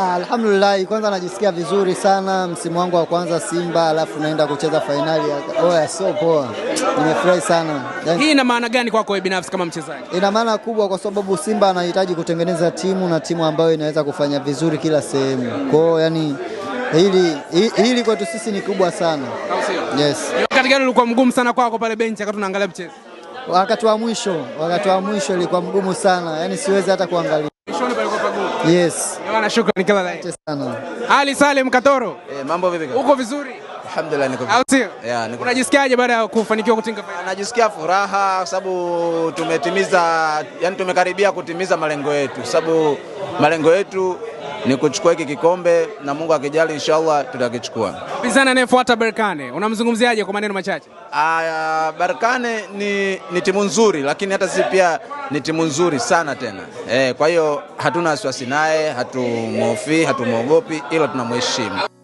Ah, alhamdulillah, kwanza najisikia vizuri sana, msimu wangu wa kwanza Simba, alafu naenda kucheza fainali. Oya, oh, sio poa, nimefurahi sana. Hii ina maana gani kwako wewe binafsi kama mchezaji? Ina maana kubwa, kwa sababu Simba anahitaji kutengeneza timu na timu ambayo inaweza kufanya vizuri kila sehemu. Kwa hiyo yani hili, hili kwetu sisi ni kubwa sana. Yes. Wakati gani ulikuwa mgumu sana kwako pale benchi wakati unaangalia mchezo? Wakati wa mwisho, wakati wa mwisho ilikuwa mgumu sana, yani siwezi hata kuangalia. Yes. Bwana shukrani kila la heri. Sana. Ali Salim Katoro. Eh, mambo vipi Uko vizuri? Alhamdulillah niko vizuri. Au sio? Yeah, niko. Unajisikiaje baada ya kufanikiwa kutinga fainali? Najisikia furaha kwa sababu tumetimiza, yani tumekaribia kutimiza malengo yetu. sababu malengo yetu ni kuchukua hiki kikombe na Mungu akijali inshallah tutakichukua. bizana anayefuata Berkane unamzungumziaje kwa maneno machache? Aya, ah, Berkane ni, ni timu nzuri lakini hata sisi pia ni timu nzuri sana tena e, kwa hiyo hatuna wasiwasi naye, hatumhofii, hatumwogopi ila tunamheshimu.